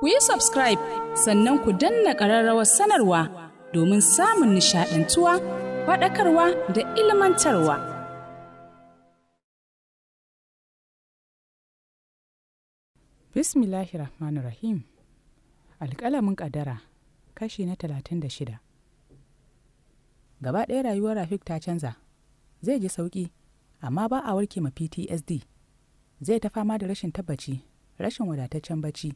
ku yi subscribe sannan ku danna ƙararrawar sanarwa domin samun nishaɗantuwa faɗakarwa da ilmantarwa. Bismillahir Rahmanir Rahim Alƙalamin ƙadara kashi na talatin da shida. Gaba ɗaya rayuwar Rafik ta canza, zai ji sauƙi, amma ba a warke ma PTSD, zai ta fama da rashin tabbaci, rashin wadataccen bacci.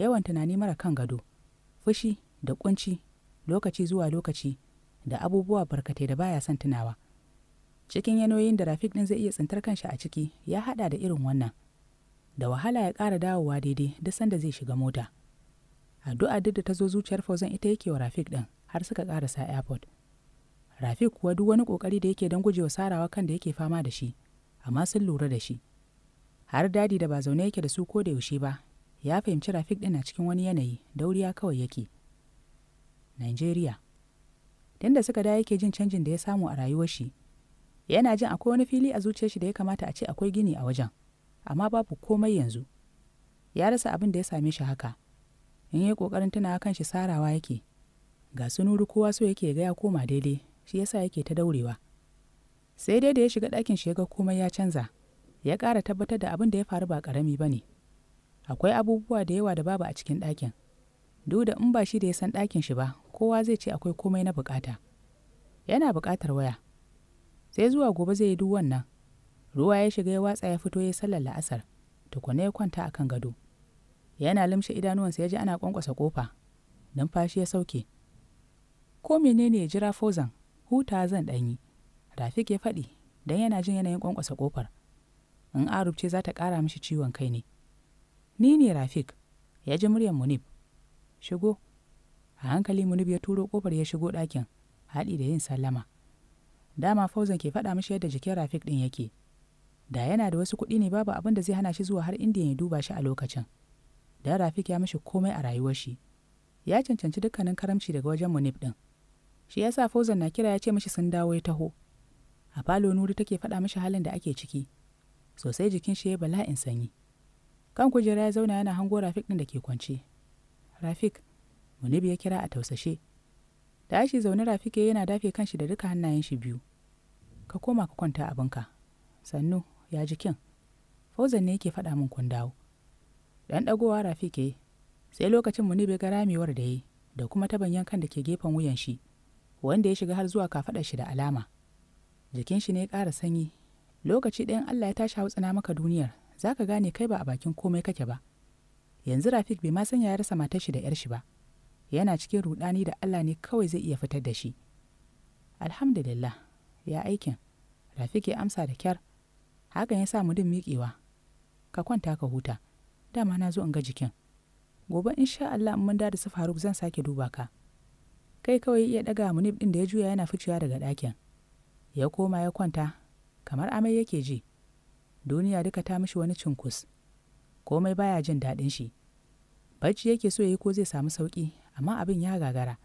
yawan tunani mara kan gado fushi da kunci lokaci zuwa lokaci da abubuwa barkatai da baya son tunawa cikin yanayoyin da rafik ɗin zai iya tsintar kanshi a ciki ya haɗa da irin wannan da wahala ya ƙara dawowa daidai duk sanda zai shiga mota addu'a duk da ta zo zuciyar fauzan ita yake wa rafik ɗin har suka ƙarasa airport rafik kuwa duk wani ƙoƙari da yake don gujewa sarawa kan da yake fama da shi amma sun lura da shi har dadi da ba zaune yake da su ko da yaushe ba ya fahimci rafik ɗin na cikin wani yanayi dauriya kawai yake nigeria da suka da yake jin canjin da ya samu a rayuwar shi yana jin akwai wani fili a zuciyar shi da ya kamata a ce akwai gini a wajen amma babu komai yanzu ya rasa abin da ya same shi haka in yi kokarin tunawa kan shi sarawa yake ga su nuru kowa so yake ga ya koma daidai shi yasa yake ta daurewa sai dai da ya shiga dakin shi ya ga komai ya canza ya ƙara tabbatar da abin da ya faru ba karami ba ne akwai abubuwa da yawa da babu a cikin ɗakin duk da in ba shi da ya san ɗakin shi ba kowa zai ce akwai komai na bukata yana bukatar waya sai zuwa gobe zai yi duk wannan ruwa ya shiga ya watsa ya fito ya sallar la'asar tukuna ya kwanta akan gado yana limshe idanuwansa ya ji ana kwankwasa kofa numfashi ya sauke ko menene ya jira fozan huta zan ɗanyi rafik ya faɗi Dan yana jin yanayin kwankwasa kofar in arubce za ta ƙara mishi ciwon kai ne ni ne rafik ya ji muryar munib shigo a hankali munib ya turo ƙofar ya shigo ɗakin haɗi da yin sallama dama fauzan ke faɗa mishi yadda jikin rafik ɗin yake da yana da wasu kuɗi ne babu abin da zai hana shi zuwa har indiya ya duba shi a lokacin da rafik ya mishi komai a rayuwar shi ya cancanci dukkanin karamci daga wajen munib ɗin shi yasa fauzan na kira ya ce mishi sun dawo ya taho a falo nuri take faɗa mishi halin da ake ciki sosai jikin shi ya bala'in sanyi kan kujera ya zauna yana hango rafik ɗin da ke kwance rafik munibi ya kira a tausashe da ashi zaune rafik ya yana dafe kanshi da duka hannayen shi biyu ka koma ka kwanta abinka sannu ya jikin fauzan ne yake faɗa min kun dawo dan ɗagowa rafik ya sai lokacin munibi ga ramewar da ya da kuma taban yankan da ke gefen wuyan shi wanda ya shiga har zuwa kafaɗar shi da alama jikin shi ne ya ƙara sanyi lokaci ɗayan Allah ya tashi hautsina maka duniyar za ka gane kai ba a bakin komai kake ba yanzu rafik bai ma san ya rasa matar shi da yar shi ba yana cikin rudani da allah ne kawai zai iya fitar da shi alhamdulillah ya aikin rafik ya amsa da kyar hakan ya sa mu din miƙewa ka kwanta ka huta dama na zo in ga jikin gobe insha allah in mun da su faruk zan sake duba ka kai kawai iya ɗaga munib ɗin da ya juya yana ficewa daga ɗakin ya koma ya kwanta kamar amai yake ji duniya duka ta mishi wani cinkus komai baya jin daɗin shi bacci yake so ya yi ko zai samu sauƙi amma abin ya gagara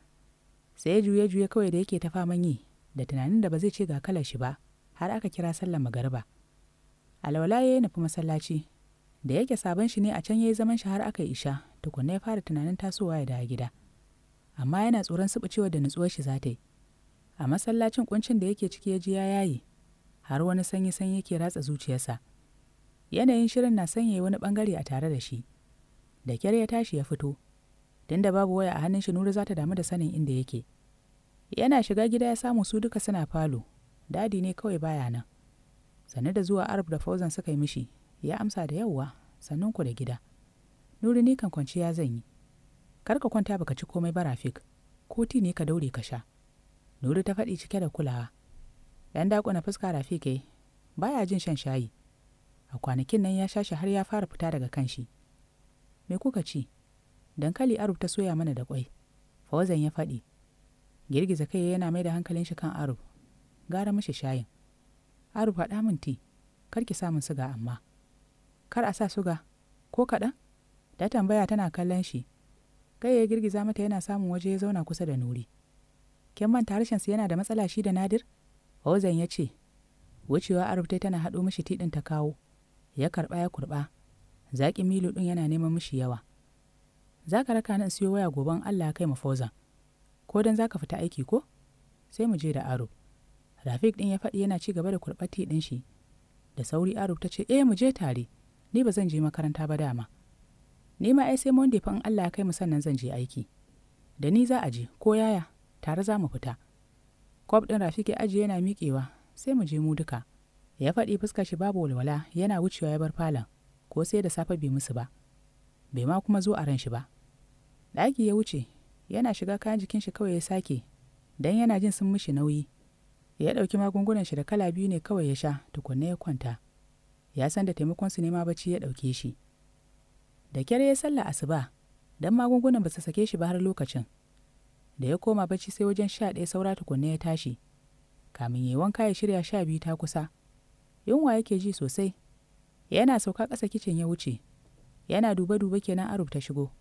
sai juye juye kawai da yake ta faman yi da tunanin da ba zai ce ga kalar shi ba har aka kira sallar magariba alwala ya yi nufi masallaci da yake sabon shi ne a can ya yi zaman shi har aka isha tukunna ya fara tunanin tasowa ya dawo gida amma yana tsoron subucewa da nutsuwar shi za ta yi a masallacin kuncin da yake ciki ya ji ya yayi har wani sanyi sanyi yake ratsa zuciyarsa yanayin shirin na sanya wani bangare a tare da shi da kyar ya tashi ya fito da babu waya a hannun shi nuru za ta damu da sanin inda yake yana shiga gida ya samu su duka suna falo dadi ne kawai baya nan sanu da zuwa arab da fauzan suka yi mishi ya amsa da yauwa sannun ku da gida nuru ni kan kwanciya zan yi kar ka kwanta baka ci komai ba rafik ko ti ne ka daure ka sha nuru ta faɗi cike da kulawa yan dakuna fuska rafik baya jin shan shayi a kwanakin nan ya shashi har ya fara fita daga kanshi me kuka ci dankali arub ta soya mana da kwai fawazan ya faɗi girgiza kai yana mai da hankalin shi kan arub gara mashi shayin arub faɗa min ti kar ki samun suga amma kar a sa suga ko kaɗan ta tambaya tana kallon shi kai ya girgiza mata yana samun waje ya zauna kusa da nuri kin manta su yana da matsala shi da nadir fawzan ya ce wucewa arubtai tana haɗo mishi tiɗin ta kawo ya karɓa ya kurɓa zaƙi milo ɗin yana neman mishi yawa za ka raka nan siyo waya goban allah kai mafoza ko don za ka fita aiki ko sai mu je da aro rafik ɗin ya faɗi yana ci gaba da kurɓa ti ɗin shi da sauri aro ta ce eh mu je tare ni ba zan je makaranta ba dama ni ma ai sai monday fa in allah kai mu sannan zan je aiki da ni za a je ko yaya tare za mu fita kwab ɗin rafik ya ajiye yana miƙewa sai mu je mu duka ya faɗi fuska shi babu walwala yana wucewa ya bar falon ko sai da safe bai musu ba bai ma kuma zo a ran shi ba ɗaki ya wuce yana shiga kayan jikin shi kawai ya sake dan yana jin sun mishi nauyi ya ɗauki magungunan shi da kala biyu ne kawai ya sha tukunna ya kwanta ya san da taimakon su nema bacci ya ɗauke shi da kyar ya sallah asuba dan magungunan ba su sake shi ba har lokacin da ya koma bacci sai wajen sha ɗaya saura tukunna ya tashi kamin ya wanka ya shirya sha biyu ta kusa yunwa yake ji sosai yana sauka ƙasa kicin ya wuce yana duba-duba kenan arub ta shigo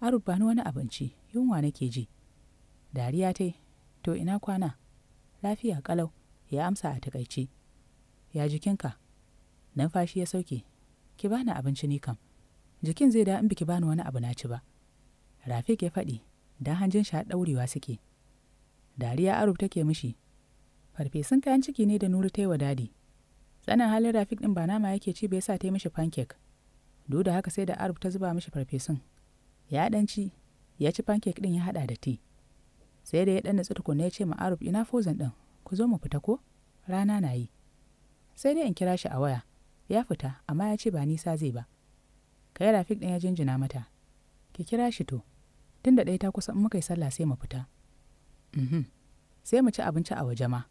arub ba ni wani abinci yunwa nake ji dariya tai to ina kwana lafiya kalau ya amsa a takaici ya jikinka numfashi ya sauke ki bani abinci ni kam jikin zai da in biki bani wani abu na ci ba rafik ya faɗi dan hanjin shi ɗaurewa suke dariya arub take mishi farfesun kayan ciki ne da nuru ta yi wa dadi sanin halin rafik ɗin ba nama yake ci bai sa ta yi mishi pancake duk da haka sai da arab ta zuba mishi farfesun ya dan ci ya ci pancake ɗin ya haɗa da ti sai da ya ɗan natsu tukunna ya ce ma arab ina fozan ɗin ku zo mu fita ko rana na yi sai dai in kira shi a waya ya fita amma ya ce ba nisa zai ba kai rafik ɗin ya jinjina mata ki kira shi to tun da ɗaya ta kusa in muka yi sallah sai mu fita uhm. sai mu ci abinci a waje ma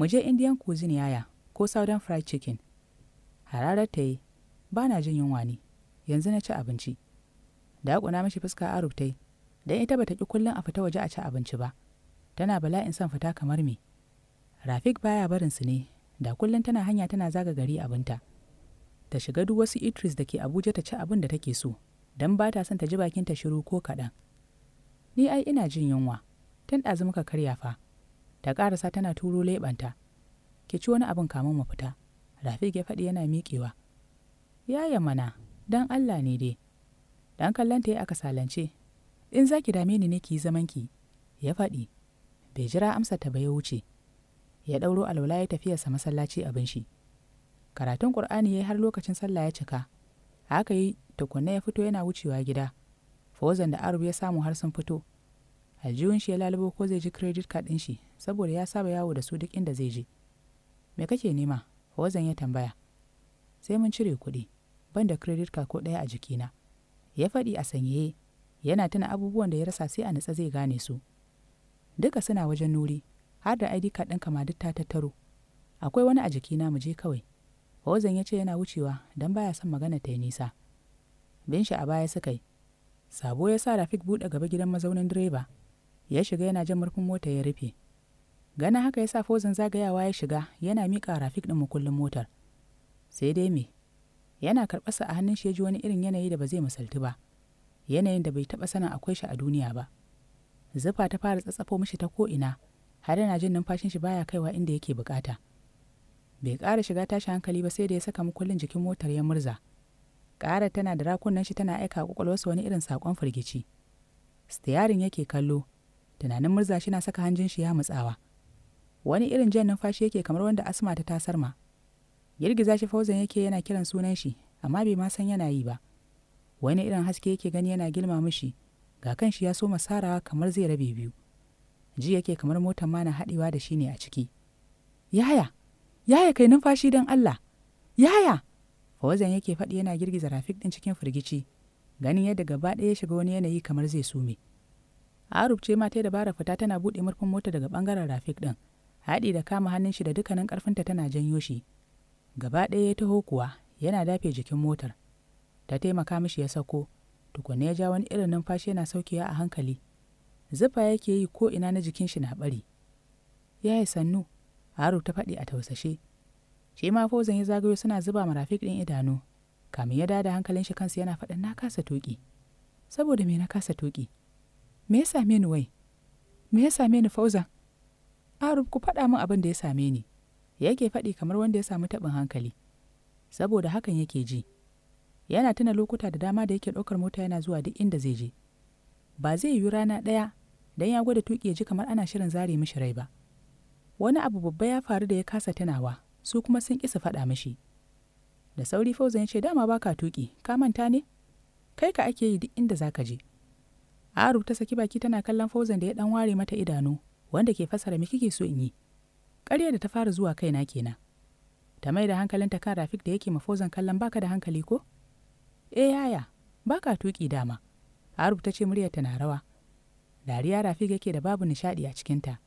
mu je indian cuisine yaya ko southern fried chicken hararar ta yi ba na jin yunwa ne yanzu na ci abinci da ya mishi fuska a yi. don ita ba ta ƙi kullum a fita waje a ci abinci ba tana bala'in son fita kamar me rafik baya barin su ne da kullum tana hanya tana zaga gari abinta ta shiga duk wasu Idris da ke abuja ta ci abin da take so don ba ta son ta ji bakin ta shiru ko kaɗan ni ai ina jin yunwa tun ɗazu muka karya fa ta ƙarasa tana turo leɓanta ki ci wani abin kamun mu fita rafiq ya faɗi yana miƙewa yaya mana dan allah ne dai dan kallon ta ya aka salance in za ki dame ni ne ki yi zamanki ya faɗi bai jira amsa ta ba ya wuce ya ɗauro alwala ya tafiyarsa masallaci abin shi karatun ƙur'ani ya yi har lokacin sallah ya cika haka yi tukunna ya fito yana wucewa gida fozan da aru ya samu har sun fito aljihun shi ya lalubo ko zai ji credit card ɗin shi saboda ya saba yawo da su duk inda zai je me kake nema wazan ya tambaya sai mun cire kuɗi ban da credit ka ko ɗaya a jikina ya faɗi a sanyaye yana tuna abubuwan da ya rasa sai a natsa zai gane su duka suna wajen nuri har da id card ɗinka ma duk ta tattaro akwai wani a jikina mu je kawai wazan ya ce yana wucewa don baya son magana ta yi nisa bin shi a baya suka yi sabo ya sa rafik buɗe gaba gidan mazaunin direba ya shiga yana jan murfin mota ya rufe ganin haka ya sa fozin zagayawa ya shiga yana miƙa rafik ɗin mukullin motar sai dai me yana karɓarsa a hannun shi ya ji wani irin yanayi da ba zai misalti ba yanayin da bai taɓa sanin akwai shi a duniya ba zufa ta fara tsatsafo mishi ta ko'ina har yana jin numfashin shi baya kaiwa inda yake bukata bai ƙara shiga tashi hankali ba sai da ya saka mukullin jikin motar ya murza ƙara tana da rakunan shi tana aika kwakwalwarsa wani irin saƙon firgici stiyarin yake kallo tunanin murza shi na saka hanjin shi ya mutsawa wani irin jan numfashi yake kamar wanda asma ta tasar ma girgiza shi fauzan yake yana kiran sunan shi amma bai ma san yana yi ba wani irin haske yake gani yana gilma mishi ga kan shi ya so masara kamar zai rabe biyu ji yake kamar motar ma na haɗewa da shi ne a ciki yaya yaya kai numfashi don allah yaya fauzan yake faɗi yana girgiza rafik ɗin cikin firgici ganin yadda gaba ɗaya ya shiga wani yanayi kamar zai sume arub ce ma ta dabara fita tana buɗe murfin mota daga ɓangaren rafik ɗin haɗi da kama hannun shi da dukkanin ƙarfinta tana janyo shi gaba ɗaya ya taho kuwa yana dafe jikin motar ta taimaka mishi ya sauko tukunna ya ja wani irin numfashi yana saukewa a hankali zufa yake yi ko ina na jikin shi na bari ya yi sannu haru ta faɗi a tausashe shi ma fozan ya zagayo suna zuba ma rafik ɗin idanu kamin ya dada hankalin shi kansa yana faɗin na kasa tuƙi saboda me na kasa tuƙi me ya same ni wai me ya same ni fauzan arub ku faɗa min abin da ya same ni yake faɗi kamar wanda ya samu taɓin hankali saboda hakan yake ji yana tuna lokuta da dama da yake ɗaukar mota yana zuwa duk inda zai je ba zai yi rana ɗaya don ya gwada tuƙi ya ji kamar ana shirin zare mishi rai ba wani abu babba ya faru da ya kasa tunawa su kuma sun ƙi faɗa mishi da sauri fauzan ya ce dama baka tuƙi ka manta ne kai ka ake yi duk inda zaka je arub ta saki baki tana kallon fauzan da ya ɗan ware mata idanu wanda ke fasara me kike so in yi ƙarya da ta fara zuwa kaina kenan ta mai da hankalinta kan rafik da yake mafozan kallon baka da hankali ko eh yaya baka tuƙi dama a ta ce muryarta na rawa dariya rafik yake da babu nishaɗi a cikinta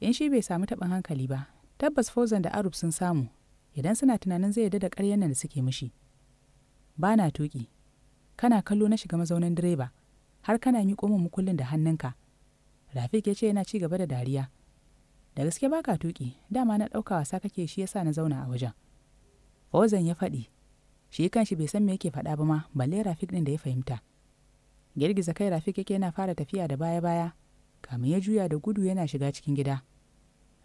in shi bai samu taɓin hankali ba tabbas fozan da arub sun samu idan suna tunanin zai yarda da ƙaryar nan da suke mishi ba na tuƙi kana kallo na shiga mazaunin direba har kana miƙo min mukullin da hannunka Rafik ya ce yana ci gaba da dariya. Da gaske baka tuki, dama na ɗauka wasa kake shi yasa na zauna a wajen. Fauzan ya faɗi, shi kanshi bai san me yake faɗa ba ma, balle Rafik ɗin da ya fahimta. Girgiza kai Rafik yake yana fara tafiya da baya-baya, kamin ya juya da gudu yana shiga cikin gida.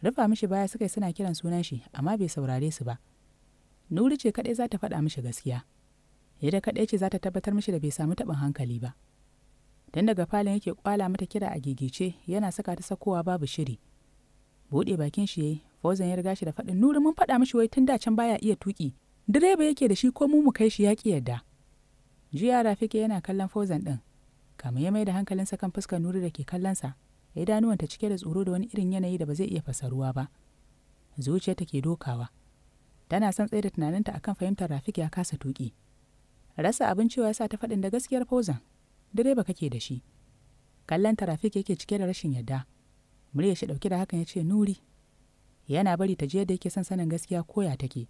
Rufa mishi baya suka yi suna kiran sunan shi, amma bai saurare su ba. Nuri ce kaɗai za ta faɗa mishi gaskiya. Ita kaɗai ce za ta tabbatar mishi da bai samu taɓin hankali ba. don daga falon yake kwala mata kira a gigice yana saka ta sakowa babu shiri buɗe bakin shi yayi fauzan ya riga shi da faɗin nuri mun faɗa mishi wai tun da can baya iya tuƙi direba yake da shi ko mu mu kai shi ya ƙi yarda jiya rafike yana kallon fauzan ɗin kamar ya mai da hankalinsa kan fuskar nuri da ke kallon sa. ya ta cike da tsoro da wani irin yanayi da ba zai iya fasaruwa ba zuciya ke dokawa tana son tsaye da tunaninta akan fahimtar rafik ya kasa tuƙi rasa abin cewa ta faɗin da gaskiyar fozan direba kake da shi kallon tarafik yake cike da rashin yarda. murya shi ɗauke da hakan ya ce nuri yana bari ta je da yake son sanin gaskiya koya take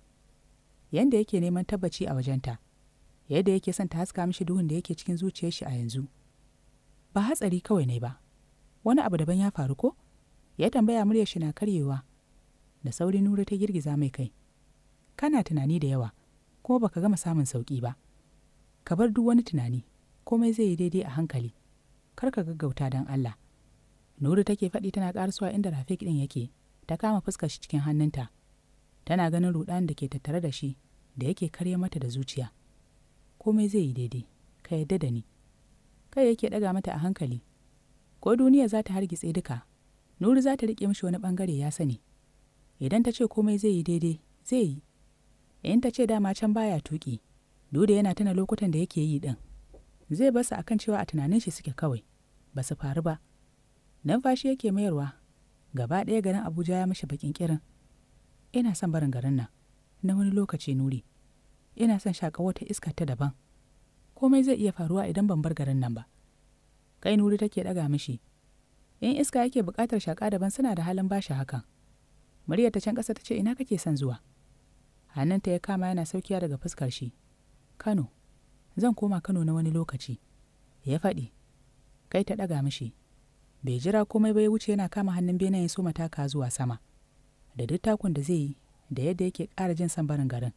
yadda yake neman tabbaci a wajenta yadda yake son ta haska mishi duhun da yake cikin zuciyar shi a yanzu ba hatsari kawai ne ba wani abu daban ya faru ko ya tambaya murya shi na karyewa da sauri nuri ta girgiza mai kai kana tunani da yawa kuma baka gama samun sauki ba ka bar duk wani tunani komai zai yi daidai a hankali kar ka gaggauta don allah nuru take faɗi tana ƙarasuwa inda rafik ɗin yake ta kama fuska shi cikin hannunta tana ganin ruɗan da ke tattare da shi da yake karya mata da zuciya komai zai yi daidai ka yarda da ni kai yake ɗaga mata a hankali ko duniya za ta hargitse duka nuru za ta riƙe mishi wani ɓangare ya sani idan ta ce komai zai yi daidai zai yi in ta ce dama can baya tuƙi duk yana tana lokutan da yake yi ɗin zai basu akan cewa a tunanin shi suke kawai ba su faru ba numfashi yake mayarwa gaba ɗaya garin abuja ya mashi bakin kirin ina son barin garin nan na wani lokaci nuri ina son shaƙa wata iska ta daban komai zai iya faruwa idan ban bar garin nan ba kai nuri take ɗaga mishi in iska yake buƙatar shaka daban suna da halin bashi hakan murya ta can ƙasa ta ce ina kake son zuwa hannunta ya kama yana saukiya daga fuskar shi kano zan koma kano na wani lokaci ya faɗi kai ta ɗaga mishi bai jira komai ba ya wuce yana kama hannun ya so mataka zuwa sama da duk takun da zai yi da yadda yake ƙara jin son barin garin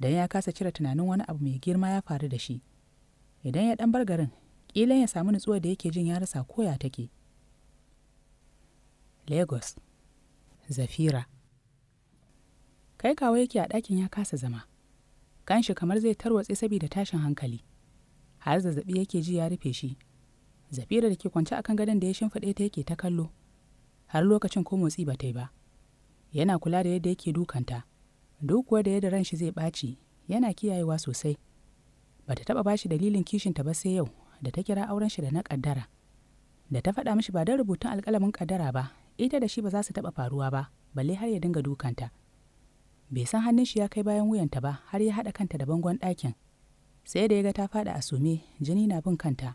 dan ya kasa cire tunanin wani abu mai girma ya faru da shi idan ya ɗan bar garin ƙilan ya samu nutsuwa da yake jin ya rasa koya take lagos zafira kai kawo yake a ɗakin ya kasa zama kanshi kamar zai tarwatse saboda tashin hankali har zazzabi yake ji ya rufe shi zafira da ke kwance akan gadon da ya shimfiɗe ta yake ta kallo har lokacin ko motsi ba ta yi ba yana kula da yadda yake dukanta duk kuwa da yadda ran shi zai ɓaci yana kiyayewa sosai ba ta taɓa bashi dalilin kishinta ba sai yau da ta kira auren shi da na ƙaddara da ta faɗa mishi ba don rubutun alƙalamin ƙaddara ba ita da shi ba za su taɓa faruwa ba balle har ya dinga dukanta bai san hannun shi ya kai bayan wuyanta ba har ya haɗa kanta da bangon ɗakin sai da ya ga ta faɗa a sume jini na bin kanta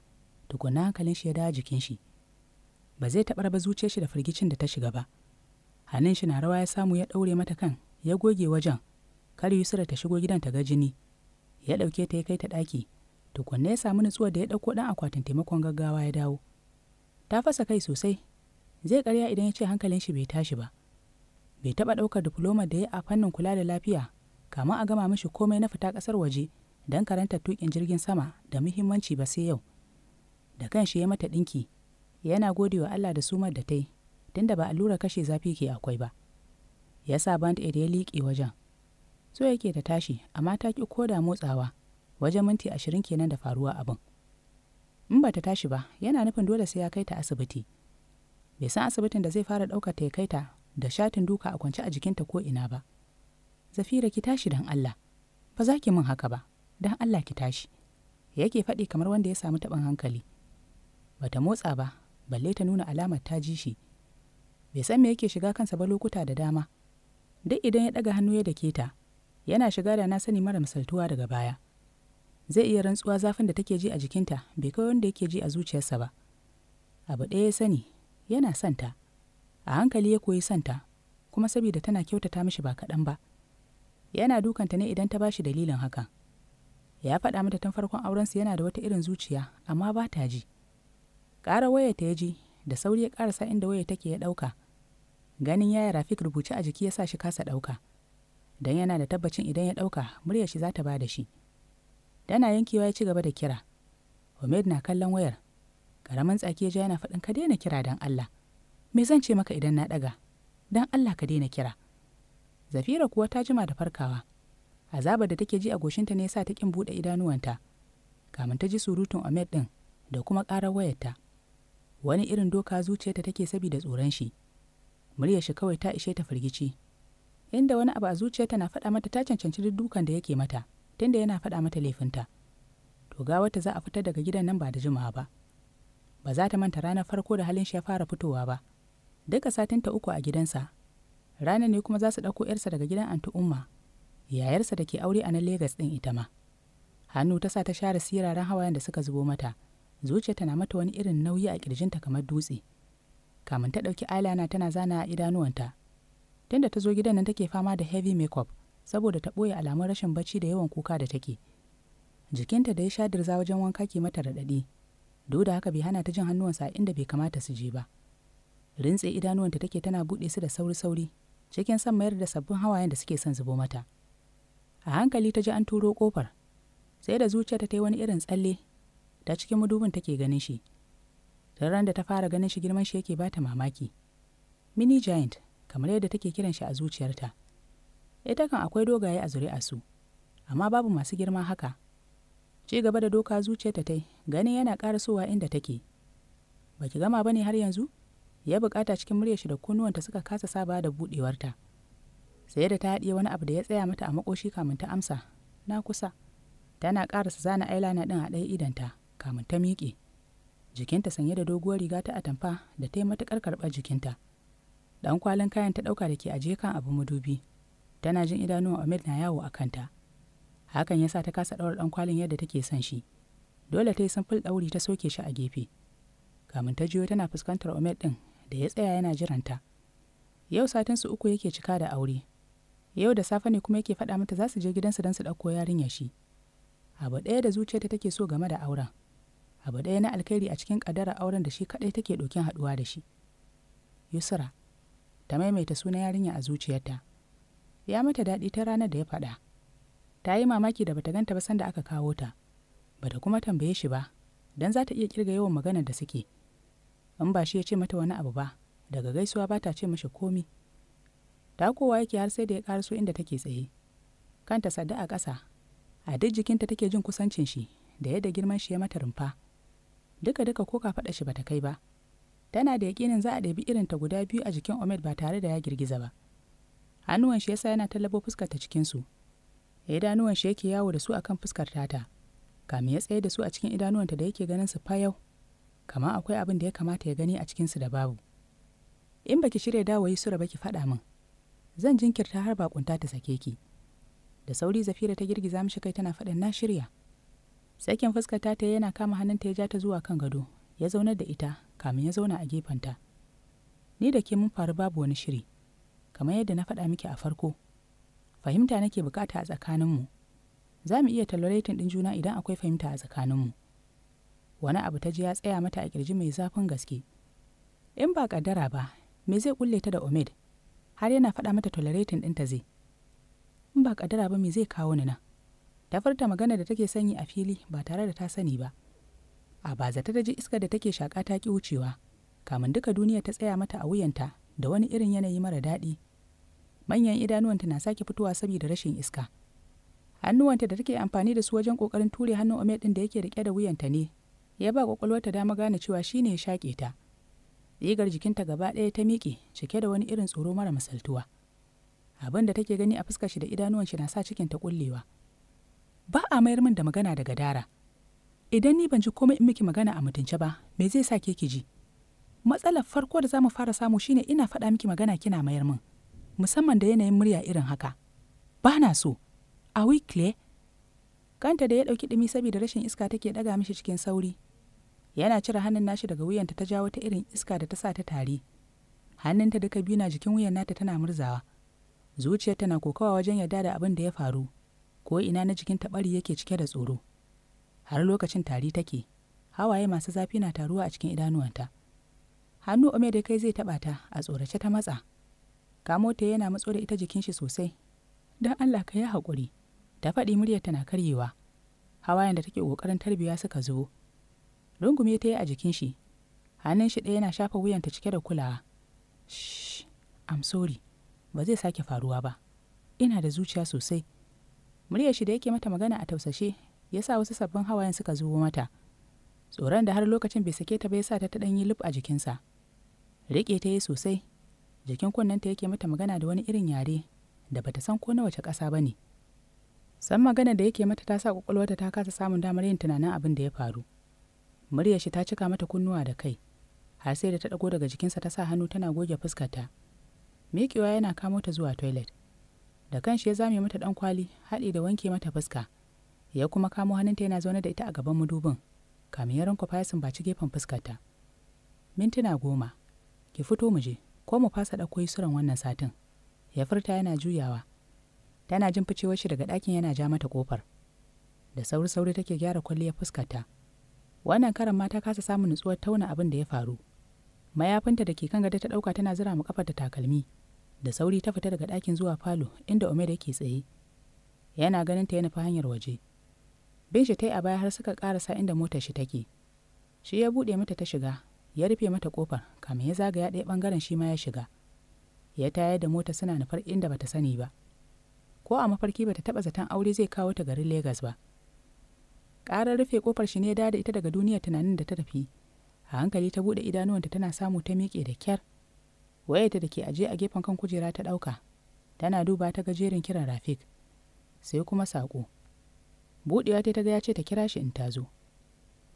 Tukunna hankalin shi ya dawo jikin shi ba zai taɓa raba zuciyar shi da firgicin da ta shiga ba hannun shi na rawa ya samu ya ɗaure mata kan ya goge wajen kar yusra ta shigo gidan ta ga jini ya ɗauke ta ya kai ta ɗaki tukunna ya samu nutsuwa da ya ɗauko ɗan akwatin taimakon gaggawa ya dawo ta fasa kai sosai zai karya idan ya ce hankalin shi bai tashi ba bai taɓa ɗaukar diploma da ya a fannin kula da lafiya kama a gama mashi komai na fita ƙasar waje don karanta tuƙin jirgin sama da muhimmanci ba sai yau da kan shi ya mata ɗinki yana gode wa Allah da sumar da ta yi tunda ba allura kashe zafi ke akwai ba ya sa band aid ya liƙe wajen so yake ta tashi amma ta ko da motsawa wajen minti ashirin kenan da faruwa abin in ba ta tashi ba yana nufin dole sai ya kai ta asibiti bai san asibitin da zai fara ɗaukar ta ya kai ta da shatin duka a kwance a jikinta ko ina ba zafira ki tashi don allah ba za ki min haka ba don allah ki tashi yake faɗi kamar wanda ya samu taɓin hankali ba ta motsa ba balle ta nuna alamar ta ji shi bai san me yake shiga kansa ba lokuta da dama duk idan ya ɗaga hannu ya dake ta yana shiga da na sani mara misaltuwa daga baya zai iya rantsuwa zafin da take ji a jikinta bai kai wanda yake ji a zuciyarsa ba abu ɗaya ya sani yana son ta a hankali ya koyi santa kuma saboda tana kyautata mishi ba kaɗan ba yana dukanta ne idan ta bashi dalilin haka ya faɗa mata tun farkon aurensu yana da wata irin zuciya amma ba ta ji ƙara wayar ta ya ji da sauri ya ƙarasa inda wayar take ya ɗauka ganin yaya rafik rubuce a jiki ya sa shi kasa ɗauka Dan yana da tabbacin idan ya ɗauka muryar shi za ta ba da shi dana yankewa ya ci gaba da kira Homed na kallon wayar. Ƙaramin tsaki ya ja yana faɗin ka daina kira don Allah. me zan ce maka idan na ɗaga don allah ka daina kira zafira kuwa ta jima da farkawa azabar da take ji a goshinta ne sa ta kin buɗe idanuwanta kamin ta ji surutun Ahmed ɗin da kuma ƙarar wayarta wani irin doka zuciyarta take sabida tsoron shi Muryarshi shi kawai ta ishe ta firgici inda wani abu a zuciyarta na faɗa mata ta cancanci duk dukan da yake mata tunda yana faɗa mata laifinta to ga wata za a fita daga gidan nan ba da jimawa ba ba za ta manta ranar farko da halin shi ya fara fitowa ba duka ta uku a gidansa ranar ne kuma za su ɗauko 'yarsa daga gidan anti umma yayarsa da ke aure a nan Legas ɗin ita ma. Hannu ta sa ta share siraran hawayen da suka zubo mata, zuciyarta tana mata wani irin nauyi a ƙirjinta kamar dutse. Kamin ta ɗauki alana tana zana a idanuwanta. Tunda ta zo gidan nan take fama da heavy makeup saboda ta ɓoye alamun rashin bacci da yawan kuka da take. Jikinta da ya sha dirza wajen wanka ke mata raɗaɗi, duk da haka bai hana ta jin hannuwansa inda bai kamata su je ba. rintse idanuwanta take tana buɗe su da sauri-sauri cikin son mayar da sabbin hawayen da suke son zubo mata a hankali ta ji an turo ƙofar. sai da zuciyarta ta yi wani irin tsalle ta cikin mudubin take ganin shi tun ran da ta fara ganin shi girman shi yake bata mamaki mini giant kamar yadda take kiran shi a zuciyarta ita kan akwai dogaye a zuri'a su amma babu masu girma haka ci gaba da doka zuciyarta ta yi, ganin yana ƙarasowa inda take baki gama bane har yanzu ya bukata cikin murya shi da kunnuwanta suka kasa saba da budewarta sai da ta haɗiye wani abu da ya tsaya mata a makoshi kamin ta amsa na kusa tana ƙarasa zana ailana ɗin a ɗaya idanta kamin ta miƙe jikinta sanye da doguwar riga ta atamfa da ta yi matuƙar jikinta ɗan kwalin kayan ta ɗauka da ke ajiye kan abu madubi tana jin idanuwan Amir na yawo a kanta hakan ya sa ta kasa ɗaura ɗan kwalin yadda take son shi dole ta yi samfil ɗauri ta soke shi a gefe kamin ta jiyo tana fuskantar Omer ɗin da ya tsaya yana jiranta yau satinsu uku yake cika da aure yau da safe ne kuma yake faɗa mata za su je gidansa don su ɗauko yarinya shi abu ɗaya da zuciyarta take so game da auren abu ɗaya na alkhairi a cikin ƙadarar auren da shi kaɗai take ɗokin haɗuwa da shi yusra ta maimaita sunan yarinya a zuciyarta ya mata daɗi ta ranar da ya faɗa ta yi mamaki da bata ganta ba sanda aka kawo ta bata kuma tambaye shi ba don za ta iya kirga yawan maganar da suke in ba shi ya ce mata wani abu ba daga gaisuwa ba ta ce mashi komi ta kowa yake har sai da ya karaso inda take tsaye kanta sadda a ƙasa a duk jikinta take jin kusancin shi da yadda girman shi ya mata rumfa duka duka ko ka faɗa shi bata kai ba tana da yaƙinin za a ɗabi irin ta guda biyu a jikin Omed ba tare da ya girgiza ba hannuwan shi yasa yana tallabo fuskar ta cikin su idanuwan shi yake yawo da su akan fuskar tata kamin ya tsaye da su a cikin idanuwanta da yake ganin su fa yau kama akwai abin da ya kamata ya gani a cikinsu da babu in baki shirya dawo yi sura baki faɗa min zan jinkirta har bakunta ta sake ki da sauri zafira ta girgiza mishi kai tana faɗin na shirya sakin fuskar ta ta yana kama hannunta ya ja ta zuwa kan gado ya zaunar da ita kamin ya zauna a gefenta ni da ke mun faru babu wani shiri kamar yadda na faɗa miki a farko fahimta nake bukata a tsakaninmu za mu iya tolerating ɗin juna idan akwai fahimta a tsakaninmu wani abu ta ji ya tsaya mata a kirji mai zafin gaske in ba kaddara ba me zai kulle ta da omid har yana faɗa mata tolerating ta zai in ba kaddara ba me zai kawo ni nan ta furta magana da take sanyi a fili ba tare da ta sani ba a baza ta ji iska da take shaƙa ta ki wucewa kamin duka duniya ta tsaya mata a wuyanta da wani irin yanayi mara daɗi manyan idanuwanta na sake fitowa saboda rashin iska hannuwanta da take amfani da su wajen ƙoƙarin ture hannun omet ɗin da yake riƙe da wuyanta ne ya ba kwakwalwar ta dama gane cewa shi ne ya shaƙe ta rigar jikinta gaba ɗaya ta miƙe cike da wani irin tsoro mara misaltuwa abin da take gani a fuskar shi da idanuwan shi na sa cikin ta kullewa ba a mayar min da magana daga dara idan ni ban ji komai in miki magana a mutunce ba me zai sa ke ki ji matsalar farko da zamu fara samu shine ina faɗa miki magana kina mayar min musamman da yanayin murya irin haka ba na so a we clear kanta da ya ɗauki ɗumi saboda rashin iska take ɗaga mishi cikin sauri yana cire hannun nashi daga wuyanta ta jawo ta irin iska da ta sa ta tare hannunta duka biyu na jikin wuyan nata tana murzawa zuciyarta na kokawa wajen yarda da abin da ya faru ko ina na jikin taɓari yake cike da tsoro har lokacin tari take hawaye masu zafi na taruwa a cikin idanuwanta hannu ome da kai zai taɓa ta a tsorace ta matsa kamo ta yana matso da ita jikin shi sosai don allah ka yi haƙuri ta faɗi muryar tana karyewa hawayen da take ƙoƙarin tarbiya suka zo rungume ta yi a jikin shi hannun shi ɗaya yana shafa wuyanta cike da kulawa am sorry ba zai sake faruwa ba ina da zuciya sosai muryar shi da yake mata magana a tausashe ya sa wasu sabbin hawayen suka zubo mata tsoron da har lokacin bai sake ta ba ya sa ta ɗan yi lub a jikinsa riƙe ta yi sosai jikin kunnenta yake mata magana da wani irin yare da bata san ko na wace ƙasa ba ne. san magana da yake mata ta sa kwakwalwarta ta kasa samun damar yin tunanin abin da ya faru murya shi ta cika mata kunnuwa da kai har sai da ta ɗago daga jikinsa ta sa hannu tana goge fuskarta miƙewa yana kamo ta zuwa toilet da kanshi ya zame mata dan kwali haɗi da wanke mata fuska ya kuma kamo hannunta yana zaune da ita a gaban madubin kamin ya ranko ya sumbaci gefen fuskarta mintuna goma ki fito mu je ko mu fasa ɗauko suran wannan satin ya furta yana juyawa tana jin ficewar shi daga ɗakin yana ja mata kofar da sauri sauri take gyara kwalliyar fuskarta wannan karan ma ta kasa samun nutsuwar tauna abin da ya faru mayafinta da ke kan gada ta ɗauka tana zira mu kafar ta takalmi da sauri ta fita daga ɗakin zuwa falo inda Omer yake tsaye yana ganin ta ya nufi hanyar waje bin shi ta yi a baya har suka karasa inda motar shi take shi ya buɗe mata ta shiga ya rufe mata kofar kamin ya zagaya ɗaya ɓangaren shi ma ya shiga ya tayar da mota suna nufar inda bata sani ba ko a mafarki bata taɓa zaton aure zai kawo ta garin Legas ba. Ƙarar rufe kofar shi ne da ita daga duniyar tunanin da ta tafi. A hankali ta buɗe idanuwanta tana samu ta miƙe da kyar. Wayarta da ke aje a gefen kan kujera ta ɗauka. Tana duba ta gajerin kiran Rafik. Sai kuma saƙo. Buɗewa ta ga ya ce ta kira shi in ta zo.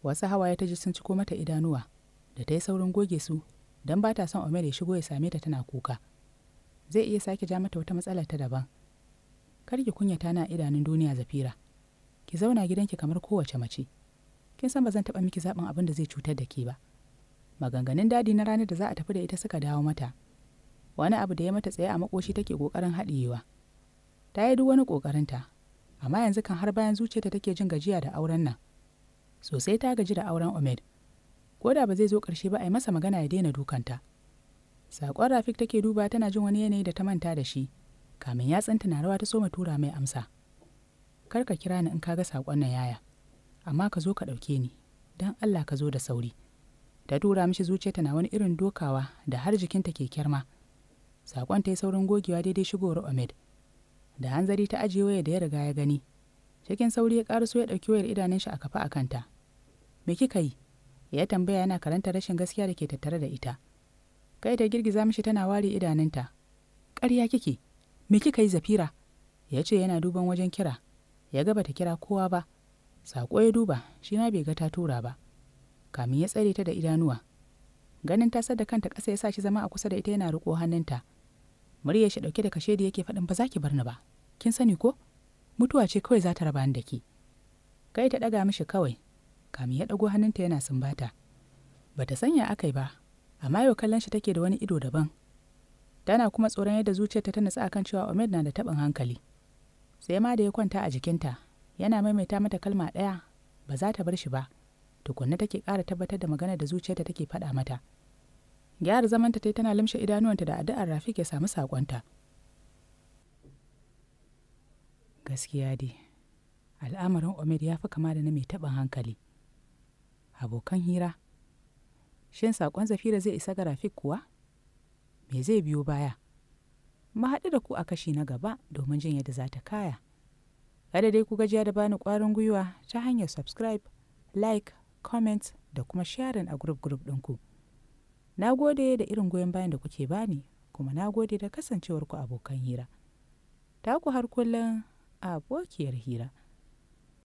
Wasu hawaye ta ji sun ciko mata idanuwa da ta yi saurin goge su don ba ta son Omer ya shigo ya same ta tana kuka. Zai iya sake ja mata wata matsala ta daban. kar ki kunyata na idanun duniya zafira ki zauna gidanki kamar kowace mace kin san ba zan taɓa miki zaɓin abin da zai cutar da ke ba maganganun dadi na ranar da za a tafi da ita suka dawo mata wani abu da ya mata tsaye a makoshi take kokarin haɗiyewa ta yi duk wani ƙoƙarinta amma yanzu kan har bayan zuciyarta take jin gajiya da auren nan sosai ta gaji da auren omed ko da ba zai zo ƙarshe ba a yi masa magana ya daina dukanta saƙon rafik take duba tana jin wani yanayi da ta manta da shi kamin ya tsinta na rawa ta soma tura mai amsa kar ka kira ni in ka ga saƙon na yaya amma ka zo ka ɗauke ni don allah ka zo da sauri ta tura mishi zuciya na wani irin dokawa da har jikinta ke kyarma saƙon ta yi saurin gogewa daidai shigowar omed da hanzari ta ajiye waya da ya riga ya gani cikin sauri ya so ya ɗauki wayar idanun shi a kafa a kanta me kika yi ya tambaya yana karanta rashin gaskiya da ke tattare da ita kai ta girgiza mishi tana ware idanunta ƙarya kike me kika yi zafira ya ce yana duban wajen kira ya ga bata kira kowa ba saƙo ya duba shi ma bai ga ta tura ba kamin ya tsare ta da idanuwa ganin ta da kanta ƙasa ya sa shi zama a kusa da ita yana riƙo hannunta Muryar shi ɗauke da kashe da yake faɗin ba za ki bar ni ba kin sani ko mutuwa ce kawai za ta raba ni da ke. kai ta ɗaga mishi kawai kamin ya ɗago hannunta yana sumbata bata sanya akai ba amma yau kallon shi take da wani ido daban tana kuma tsoron yadda zuciyarta ta nutsu akan cewa Omed na da taɓin hankali sai ma da ya kwanta a jikinta yana maimaita mata kalma ɗaya ba za ta bar shi ba tukunna take ƙara tabbatar da magana da zuciyarta take faɗa mata gyara zamanta ta tana limshe idanuwanta da addu'ar Rafiq ya samu sakonta gaskiya dai al'amarin omid ya fi kama da na mai taɓin hankali abokan hira shin saƙon zafira zai isa ga Rafiq kuwa me zai biyo baya mu haɗu da ku a kashi na gaba domin jin yadda za ta kaya kada dai ku gajiya da bani ƙwarin gwiwa ta hanyar subscribe like comment da kuma sharing a group group ɗinku na gode da irin goyon bayan da kuke bani kuma na gode da kasancewarku abokan hira ta ku har kullum abokiyar hira